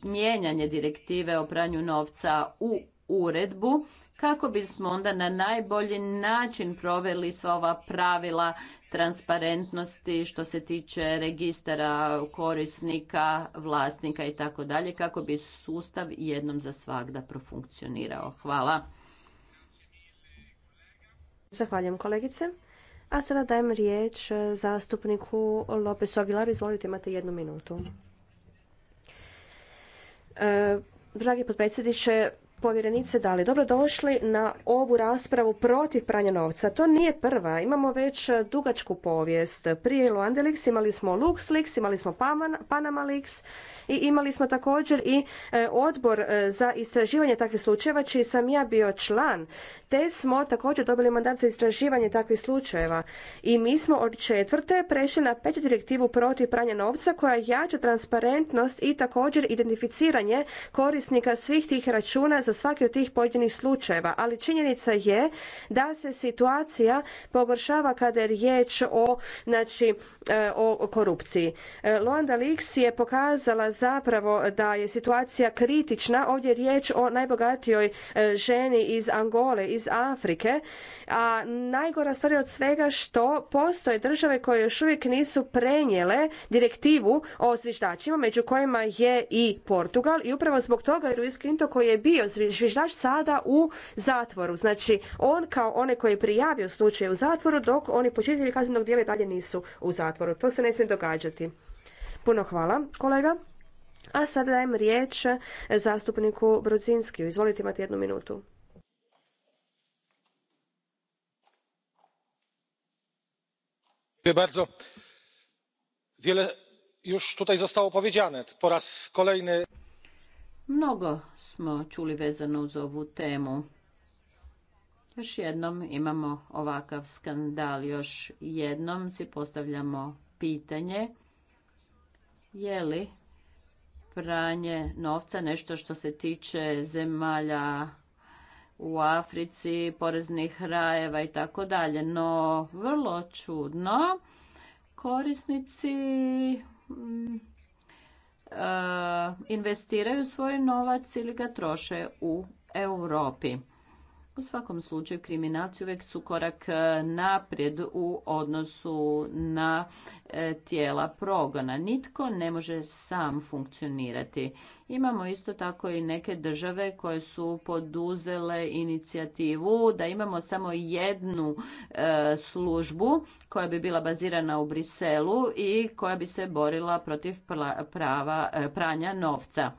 mijenjanje direktive o pranju novca u uredbu kako bismo onda na najbolji način proveli sva ova pravila transparentnosti što se tiče registara korisnika, vlasnika i tako dalje kako bi sustav jednom za svagda profunkcionirao. Hvala. Zahvaljujem kolegice. A sada dajem riječ eh, zastupniku Lopes Aguilar. Izvolite, imate jednu minutu. E, dragi potpredsjedniče, povjerenice Dali, došli na ovu raspravu protiv pranja novca. To nije prva, imamo već dugačku povijest. Prije Luandelix imali smo LuxLeaks, imali smo Panama Leaks i imali smo također i e, odbor e, za istraživanje takvih slučajeva, čiji sam ja bio član. Te smo također dobili mandat za istraživanje takvih slučajeva. I mi smo od četvrte prešli na petu direktivu protiv pranja novca koja jača transparentnost i također identificiranje korisnika svih tih računa za svaki od tih pojedinih slučajeva, ali činjenica je da se situacija pogoršava kada je riječ o, znači, e, o korupciji. E, Luanda Lix je pokazala zapravo da je situacija kritična. Ovdje je riječ o najbogatijoj e, ženi iz Angole, iz Afrike. A najgora stvar je od svega što postoje države koje još uvijek nisu prenijele direktivu o zviždačima, među kojima je i Portugal. I upravo zbog toga je Ruiz Quinto, koji je bio zviždač sada u zatvoru. Znači, on kao one koji je prijavio slučaj u zatvoru, dok oni počinitelji kaznenog djela dalje nisu u zatvoru. To se ne smije događati. Puno hvala, kolega. A sada dajem riječ zastupniku Brodzinskiju. Izvolite, imati jednu minutu. Bardzo. Wiele już tutaj zostało powiedziane. Po raz kolejny Mnogo smo čuli vezano uz ovu temu. Još jednom imamo ovakav skandal, još jednom si postavljamo pitanje je li pranje novca nešto što se tiče zemalja u Africi, poreznih rajeva i tako dalje. No, vrlo čudno, korisnici mm, Eh, investiraju svoj novac ili ga troše u Europi. U svakom slučaju kriminalci uvijek su korak e, naprijed u odnosu na e, tijela progona. Nitko ne može sam funkcionirati. Imamo isto tako i neke države koje su poduzele inicijativu da imamo samo jednu e, službu koja bi bila bazirana u Briselu i koja bi se borila protiv prava, pranja novca.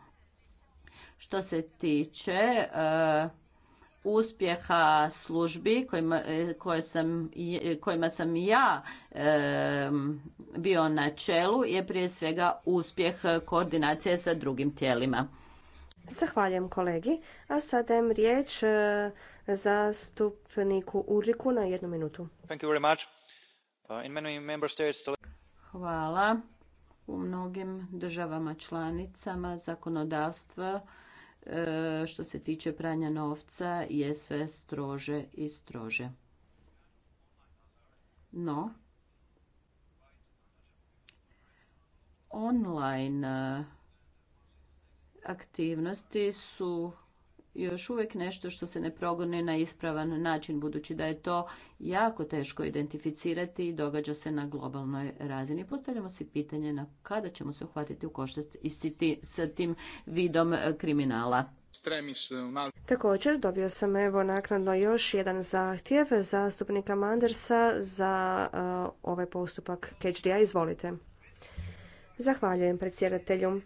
Što se tiče uspjeha službi e, e, kojima, sam, i ja e, bio na čelu je prije svega uspjeh koordinacije sa drugim tijelima. Zahvaljujem kolegi. A sada dajem riječ zastupniku Uriku na jednu minutu. Thank you very much. Uh, in many Hvala. U mnogim državama članicama zakonodavstva E, što se tiče pranja novca je sve strože i strože. No, online e, aktivnosti su još uvijek nešto što se ne progoni na ispravan način, budući da je to jako teško identificirati i događa se na globalnoj razini. Postavljamo si pitanje na kada ćemo se uhvatiti u koštac i s tim vidom e, kriminala. Također dobio sam evo naknadno još jedan zahtjev zastupnika Mandersa za e, ovaj postupak KHDA. Izvolite. Zahvaljujem predsjedatelju.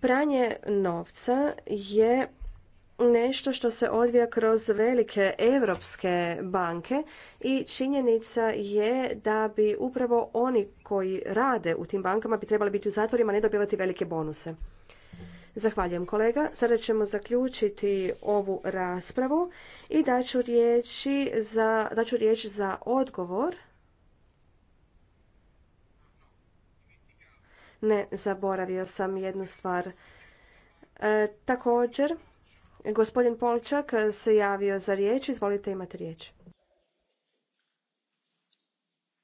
Pranje novca je nešto što se odvija kroz velike europske banke i činjenica je da bi upravo oni koji rade u tim bankama bi trebali biti u zatvorima, ne dobivati velike bonuse. Zahvaljujem kolega. Sada ćemo zaključiti ovu raspravu i daću riječ za, daću za odgovor. Ne, zaboravio sam jednu stvar. E, također, Gospodin Polčak se javio za riječ. Izvolite, imati riječ.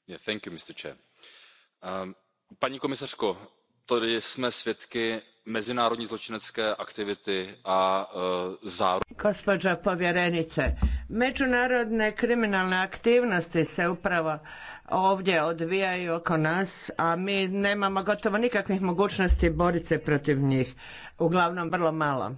Yeah, thank you, Mr. Chair. Um, paní komisařko, tady jsme svědky mezinárodní zločinecké aktivity a uh, povjerenice, međunarodne kriminalne aktivnosti se upravo ovdje odvijaju oko nas, a mi nemamo gotovo nikakvih mogućnosti boriti se protiv njih. Uglavnom vrlo malo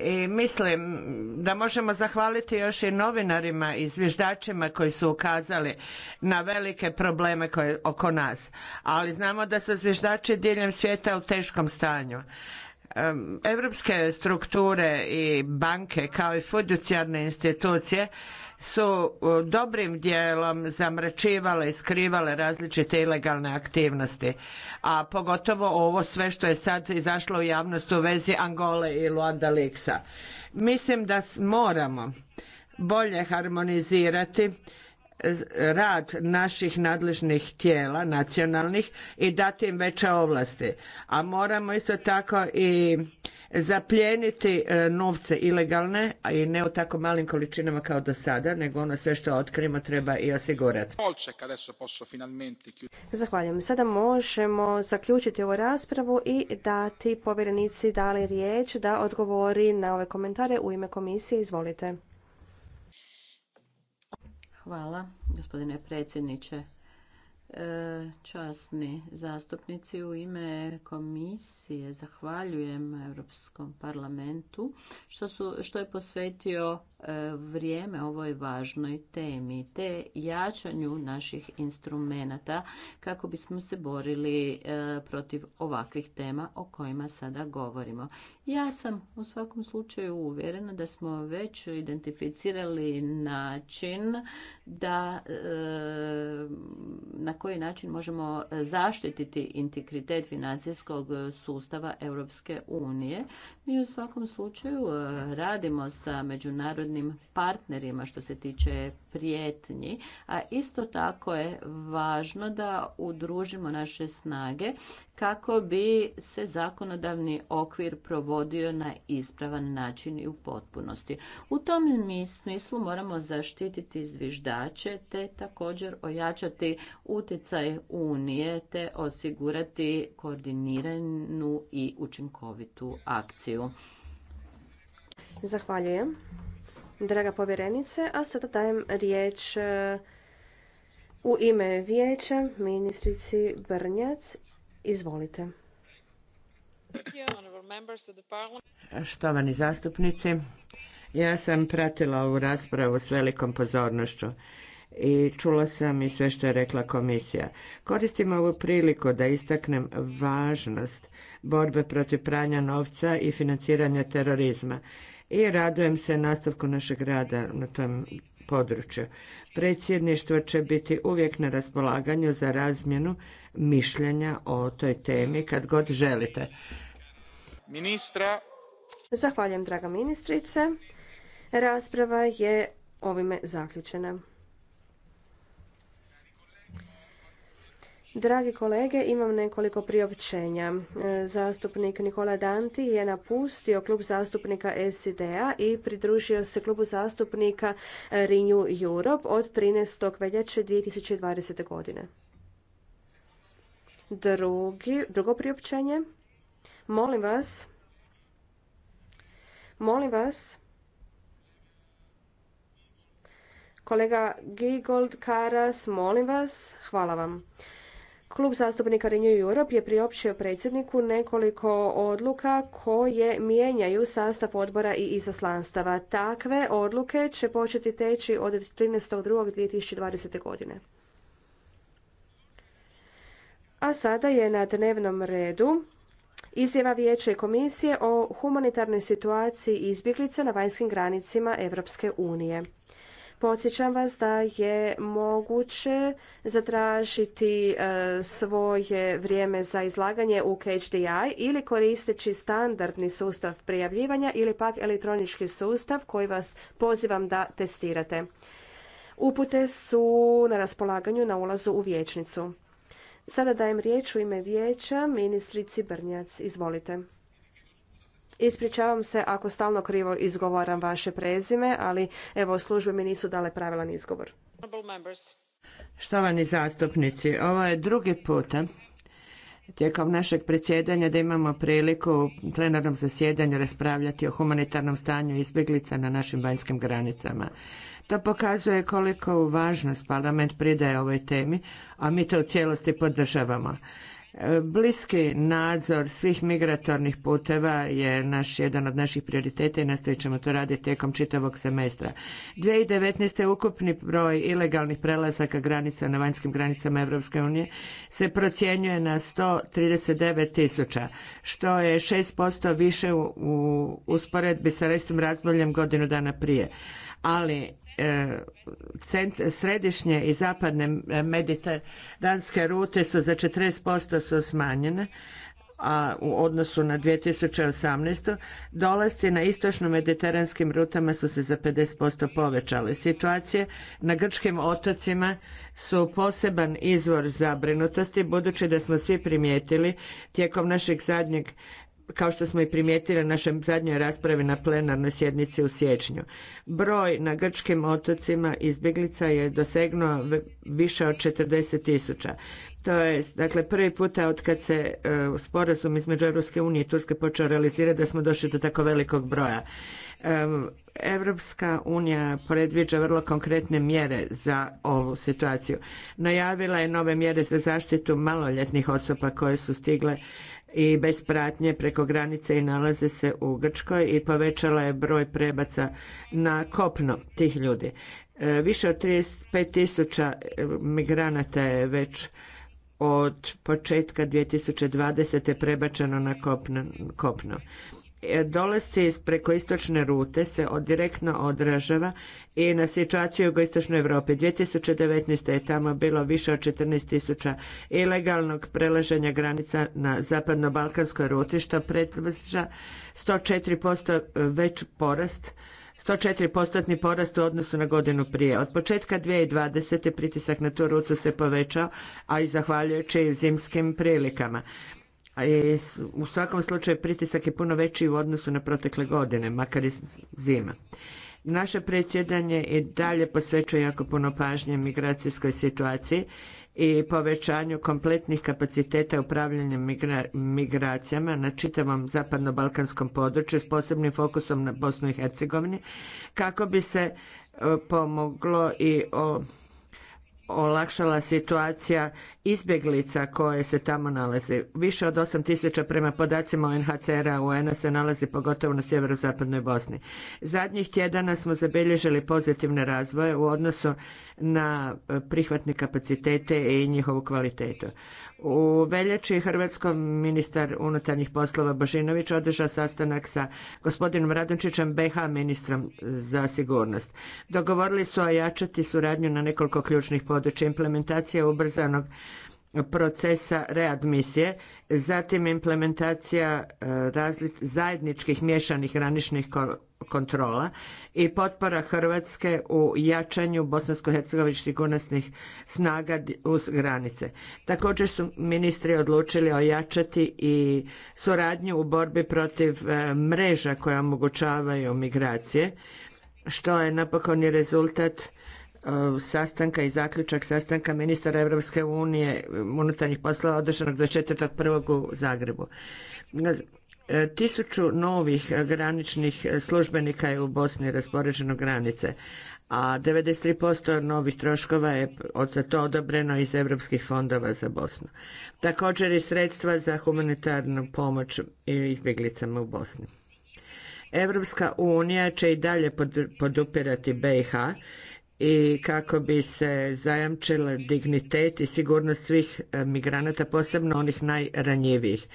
i mislim da možemo zahvaliti još i novinarima i zviždačima koji su ukazali na velike probleme koje oko nas. Ali znamo da su zviždači diljem svijeta u teškom stanju. Europske strukture i banke kao i fiducijarne institucije su e, dobrim dijelom zamračivale i skrivale različite ilegalne aktivnosti. A pogotovo ovo sve što je sad izašlo u javnost u vezi Angole i Luanda Liksa. Mislim da moramo bolje harmonizirati e, rad naših nadležnih tijela nacionalnih i dati im veće ovlasti. A moramo isto tako i zaplijeniti e, novce ilegalne, a i ne u tako malim količinama kao do sada, nego ono sve što otkrijemo treba i osigurati. Zahvaljujem. Sada možemo zaključiti ovu raspravu i dati povjerenici Dali riječ da odgovori na ove komentare u ime komisije. Izvolite. Hvala, gospodine predsjedniče. E, časni zastupnici, u ime komisije zahvaljujem Europskom parlamentu što, su, što je posvetio E, vrijeme ovoj važnoj temi te jačanju naših instrumenata kako bismo se borili e, protiv ovakvih tema o kojima sada govorimo. Ja sam u svakom slučaju uvjerena da smo već identificirali način da e, na koji način možemo zaštititi integritet financijskog sustava Europske unije. Mi u svakom slučaju radimo sa međunarodnim partnerima što se tiče prijetnji, a isto tako je važno da udružimo naše snage kako bi se zakonodavni okvir provodio na ispravan način i u potpunosti. U tom smislu moramo zaštititi zviždače te također ojačati utjecaj Unije te osigurati koordiniranu i učinkovitu akciju. Zahvaljujem draga povjerenice, a sada dajem riječ e, u ime vijeća ministrici Brnjac. Izvolite. Štovani zastupnici, ja sam pratila ovu raspravu s velikom pozornošću i čula sam i sve što je rekla komisija. Koristim ovu priliku da istaknem važnost borbe protiv pranja novca i financiranja terorizma i radujem se nastavku našeg rada na tom području. Predsjedništvo će biti uvijek na raspolaganju za razmjenu mišljenja o toj temi kad god želite. Ministra. Zahvaljujem, draga ministrice. Rasprava je ovime zaključena. Dragi kolege, imam nekoliko priopćenja. E, zastupnik Nikola Danti je napustio klub zastupnika SID-a i pridružio se klubu zastupnika Renew Europe od 13. veljače 2020. godine. Drugi, drugo priopćenje. Molim vas, molim vas, kolega Gigold, Karas, molim vas, hvala vam. Klub zastupnika Renew Europe je priopćio predsjedniku nekoliko odluka koje mijenjaju sastav odbora i izaslanstava. Takve odluke će početi teći od 13.2.2020. godine. A sada je na dnevnom redu izjava Vijeća komisije o humanitarnoj situaciji izbjeglica na vanjskim granicima Europske unije. Podsjećam vas da je moguće zatražiti e, svoje vrijeme za izlaganje u KHDi ili koristeći standardni sustav prijavljivanja ili pak elektronički sustav koji vas pozivam da testirate. Upute su na raspolaganju na ulazu u vijećnicu. Sada dajem riječ u ime vijeća ministrici Brnjac. Izvolite. Ispričavam se ako stalno krivo izgovaram vaše prezime, ali evo službe mi nisu dale pravilan izgovor. Štovani zastupnici, ovo je drugi puta tijekom našeg predsjedanja da imamo priliku u plenarnom zasjedanju raspravljati o humanitarnom stanju izbjeglica na našim vanjskim granicama. To pokazuje koliko važnost parlament pridaje ovoj temi, a mi to u cijelosti podržavamo. Bliski nadzor svih migratornih puteva je naš, jedan od naših prioriteta i nastavit ćemo to raditi tijekom čitavog semestra. 2019. ukupni broj ilegalnih prelazaka granica na vanjskim granicama Europske unije se procjenjuje na 139 tisuća, što je 6% više u usporedbi sa restim razdobljem godinu dana prije. Ali E, cent, središnje i zapadne mediteranske rute su za 40% su smanjene a u odnosu na 2018. dolasci na istočno-mediteranskim rutama su se za 50% povećale. Situacije na grčkim otocima su poseban izvor zabrinutosti budući da smo svi primijetili tijekom našeg zadnjeg kao što smo i primijetili na našoj zadnjoj raspravi na plenarnoj sjednici u siječnju. Broj na grčkim otocima izbjeglica je dosegnuo više od 40 tisuća. To je dakle prvi puta od kad se uh, sporazum između Europske unije i Turske počeo realizirati da smo došli do tako velikog broja. Um, Europska unija predviđa vrlo konkretne mjere za ovu situaciju. Najavila je nove mjere za zaštitu maloljetnih osoba koje su stigle i bez pratnje preko granice i nalaze se u Grčkoj i povećala je broj prebaca na kopno tih ljudi. E, više od 35.000 tisuća e, migranata je već od početka 2020. prebačeno na kopno. E, dolasci preko istočne rute se direktno odražava i na situaciju u jugoistočnoj Europi. 2019. je tamo bilo više od 14.000 ilegalnog prelaženja granica na zapadno-balkanskoj ruti, što četiri 104% e, već porast 104% porast u odnosu na godinu prije. Od početka 2020. pritisak na tu rutu se povećao, a i zahvaljujući zimskim prilikama u svakom slučaju pritisak je puno veći u odnosu na protekle godine, makar i zima. Naše predsjedanje i dalje posvećuje jako puno pažnje migracijskoj situaciji i povećanju kompletnih kapaciteta upravljanja migracijama na čitavom zapadno-balkanskom području s posebnim fokusom na Bosnu i Hercegovini kako bi se e, pomoglo i o olakšala situacija izbjeglica koje se tamo nalaze. Više od 8000 prema podacima UNHCR-a UN-a se nalazi pogotovo na sjeverozapadnoj Bosni. Zadnjih tjedana smo zabilježili pozitivne razvoje u odnosu na e, prihvatne kapacitete i njihovu kvalitetu. U veljači Hrvatskom ministar unutarnjih poslova Božinović održao sastanak sa gospodinom Radončićem BH ministrom za sigurnost. Dogovorili su ojačati suradnju na nekoliko ključnih područja implementacija ubrzanog procesa readmisije, zatim implementacija e, zajedničkih miješanih graničnih kontrola i potpora Hrvatske u jačanju bosansko-hercegovičkih sigurnosnih snaga uz granice. Također su ministri odlučili ojačati i suradnju u borbi protiv e, mreža koje omogućavaju migracije, što je napokon i rezultat Uh, sastanka i zaključak sastanka ministara Europske unije um, unutarnjih poslova održanog 24.1. u Zagrebu. Uh, tisuću novih graničnih službenika je u Bosni raspoređeno granice, a 93% novih troškova je od za to odobreno iz europskih fondova za Bosnu. Također i sredstva za humanitarnu pomoć izbjeglicama u Bosni. Europska unija će i dalje podupirati BiH i kako bi se zajamčila dignitet i sigurnost svih e, migranata, posebno onih najranjivijih.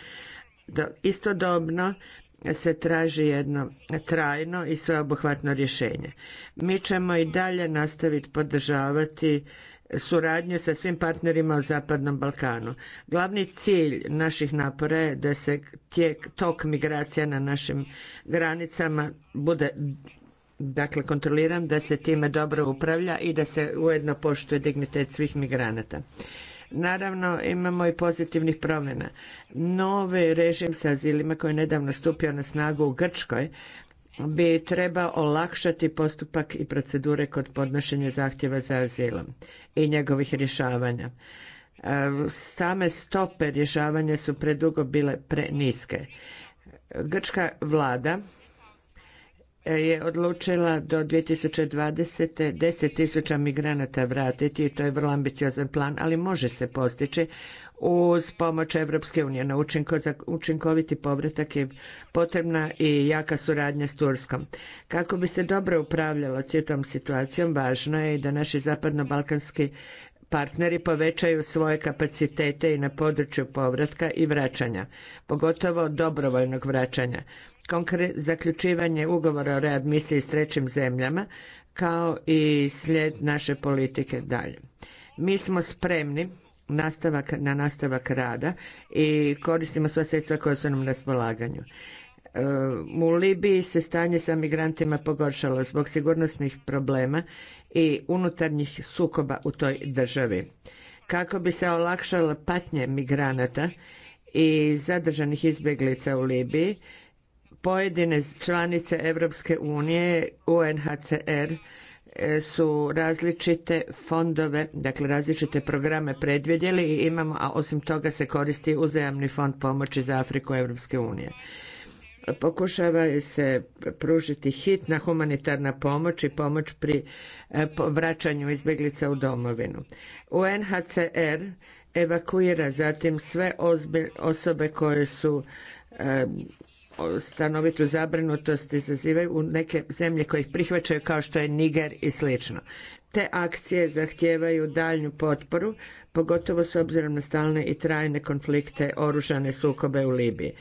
Istodobno se traži jedno trajno i sveobuhvatno rješenje. Mi ćemo i dalje nastaviti podržavati suradnju sa svim partnerima u Zapadnom Balkanu. Glavni cilj naših napora je da se tijek, tok migracija na našim granicama bude dakle kontroliram da se time dobro upravlja i da se ujedno poštuje dignitet svih migranata. Naravno, imamo i pozitivnih promjena. Novi režim sa azilima koji je nedavno stupio na snagu u Grčkoj bi trebao olakšati postupak i procedure kod podnošenja zahtjeva za azilom i njegovih rješavanja. E, same stope rješavanja su predugo bile preniske. Grčka vlada je odlučila do 2020. 10.000 migranata vratiti i to je vrlo ambiciozan plan, ali može se postići uz pomoć Evropske unije. Na za učinkoviti povratak je potrebna i jaka suradnja s Turskom. Kako bi se dobro upravljalo cijetom situacijom, važno je i da naši zapadno-balkanski partneri povećaju svoje kapacitete i na području povratka i vraćanja, pogotovo dobrovoljnog vraćanja zaključivanje ugovora o readmisiji s trećim zemljama kao i slijed naše politike dalje. Mi smo spremni nastavak, na nastavak rada i koristimo sva sredstva koja su nam na raspolaganju. E, u Libiji se stanje sa migrantima pogoršalo zbog sigurnosnih problema i unutarnjih sukoba u toj državi. Kako bi se olakšalo patnje migranata i zadržanih izbjeglica u Libiji, pojedine članice Europske unije, UNHCR, e, su različite fondove, dakle različite programe predvidjeli i imamo, a osim toga se koristi uzajamni fond pomoći za Afriku Europske unije. Pokušava se pružiti hitna humanitarna pomoć i pomoć pri e, vraćanju izbjeglica u domovinu. UNHCR evakuira zatim sve osobe koje su e, stanovitu zabrinutost izazivaju u neke zemlje koje ih prihvaćaju kao što je Niger i slično. Te akcije zahtijevaju daljnju potporu, pogotovo s obzirom na stalne i trajne konflikte, oružane sukobe u Libiji.